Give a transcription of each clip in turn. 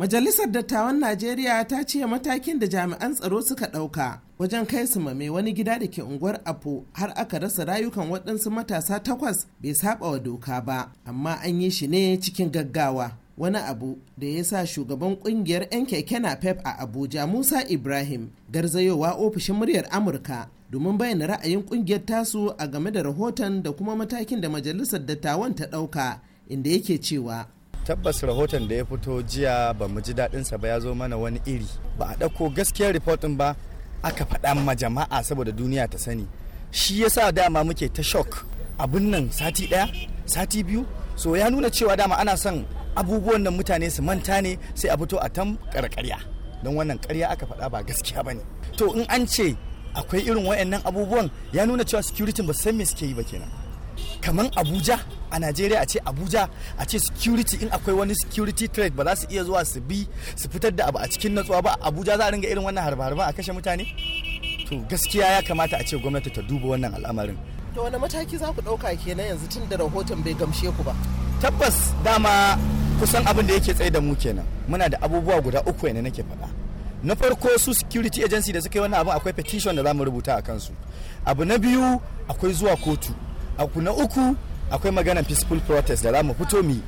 Majalisar Dattawan Najeriya ta ce matakin da jami'an tsaro suka ɗauka wajen kai su mame wani gida da ke unguwar Apo har aka rasa rayukan waɗansu matasa takwas bai saba wa doka ba, amma an yi shi ne cikin gaggawa. wani abu da ya sa shugaban ƙungiyar 'yan keke na pep a abuja musa ibrahim garzayowa ofishin muryar amurka domin bayyana ra'ayin ƙungiyar tasu a game da rahoton da kuma matakin da majalisar dattawan ta ɗauka inda yake cewa tabbas rahoton da ya fito jiya ba mu ji daɗinsa ba ya zo mana wani iri ba a ɗauko gaskiyar ɗin ba aka faɗa ma jama'a saboda duniya ta sani shi yasa dama muke ta shock abun nan sati ɗaya sati biyu so ya nuna cewa dama ana son abubuwan nan mutane su manta ne sai a fito a tan karkarya don wannan karya aka faɗa ba gaskiya ba ne to in an ce akwai irin wayannan abubuwan ya nuna cewa security ba san me suke yi ba kenan kamar abuja a najeriya a ce abuja a ce security in akwai wani security threat ba za su iya zuwa su bi su fitar da abu a cikin natsuwa ba abuja za a ringa irin wannan harba a kashe mutane to gaskiya ya kamata a ce gwamnati ta duba wannan al'amarin to wani mataki za ku ɗauka kenan yanzu tun da rahoton bai gamshe ku ba tabbas dama kusan abin da yake tsaye da mu kenan muna da abubuwa guda uku ne nake faɗa na farko su security agency da suka yi wannan abin akwai petition da za mu rubuta a kansu abu na biyu akwai zuwa kotu abu na uku akwai maganar peaceful protest da za mu fito mi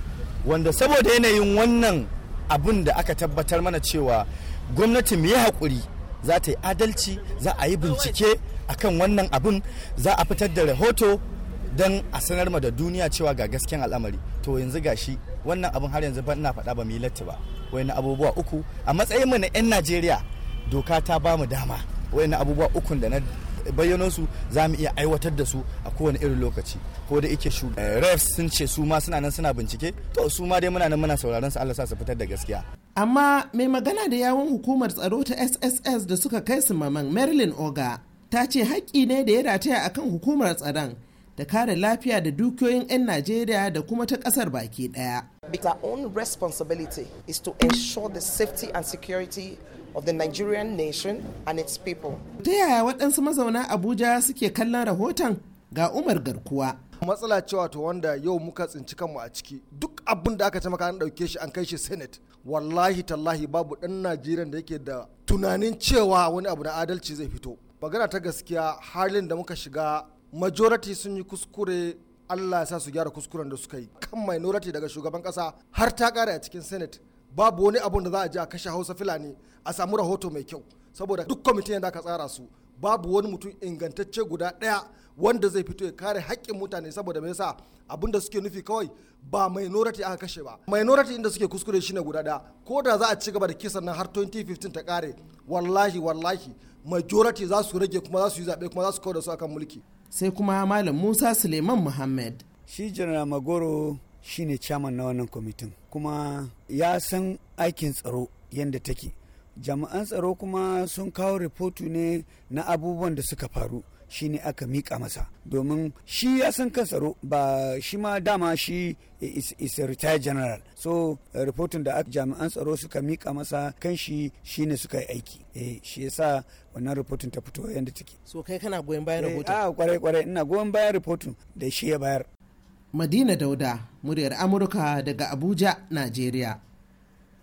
wanda saboda yanayin wannan abun da aka tabbatar mana cewa gwamnati mu yi haƙuri za ta yi adalci za a yi bincike akan wannan abun za a fitar da rahoto don a sanar ma da duniya cewa ga gasken al'amari to yanzu gashi wannan abun har yanzu ba ina faɗa ba mu yi latti ba wani abubuwa uku a matsayin mu na 'yan najeriya doka ta ba mu dama wani abubuwa ukun da na bayyano su za mu iya aiwatar da su a kowane irin lokaci ko da yake shu eh, refs sun ce su ma suna nan suna bincike to su ma dai muna nan muna sauraron su Allah sa su fitar da gaskiya amma mai magana da yawun hukumar tsaro ta SSS da suka kai su maman Marilyn Oga ta ce haƙƙi ne da ya rataya kan hukumar tsaron da kare lafiya da dukiyoyin 'yan Najeriya da kuma ta ƙasar baki ɗaya. But our own responsibility is to ensure the safety and security of the Nigerian nation and its people. Ta yaya waɗansu mazauna Abuja suke kallon rahoton ga Umar Garkuwa. Matsala ce wato wanda yau muka tsinci kanmu a ciki duk abin da aka ce maka an ɗauke shi an kai shi Senate wallahi tallahi babu ɗan Najeriya da yake da tunanin cewa wani abu na adalci zai fito. Magana ta gaskiya halin da muka shiga majority sun yi kuskure Allah ya sa su gyara kuskuren da suka yi kan minority daga shugaban kasa har ta kare a cikin senate babu wani abun da za a je a kashe hausa fulani a samu rahoto mai kyau saboda duk kwamitin da aka tsara su babu wani mutum ingantacce guda ɗaya wanda zai fito ya kare haƙƙin mutane saboda me yasa abun da suke nufi kawai ba minority aka kashe ba minority inda suke kuskure shi ne guda ɗaya ko da za a ci gaba da kisan nan har 2015 ta kare wallahi wallahi majority za su rage kuma za su yi zaɓe kuma za su kawo da su akan mulki sai kuma malam musa suleiman muhammad shi general magoro shine chairman na wannan kwamitin kuma ya san aikin tsaro yadda take jami'an tsaro kuma sun kawo rahoto ne na abubuwan da suka faru ne aka mika masa domin shi ya san kan tsaro ba shi ma dama shi is, is a retired general so uh, reporting da jami'an tsaro suka mika masa kan shi ne suka yi aiki eh shi sa wannan reportin ta fito yadda take so kai kana goyon bayan rahoton eh, a ah, kwarai kwarai ina goyon bayan reportin da shi ya bayar Madina Dauda muryar Amurka daga Abuja nigeria.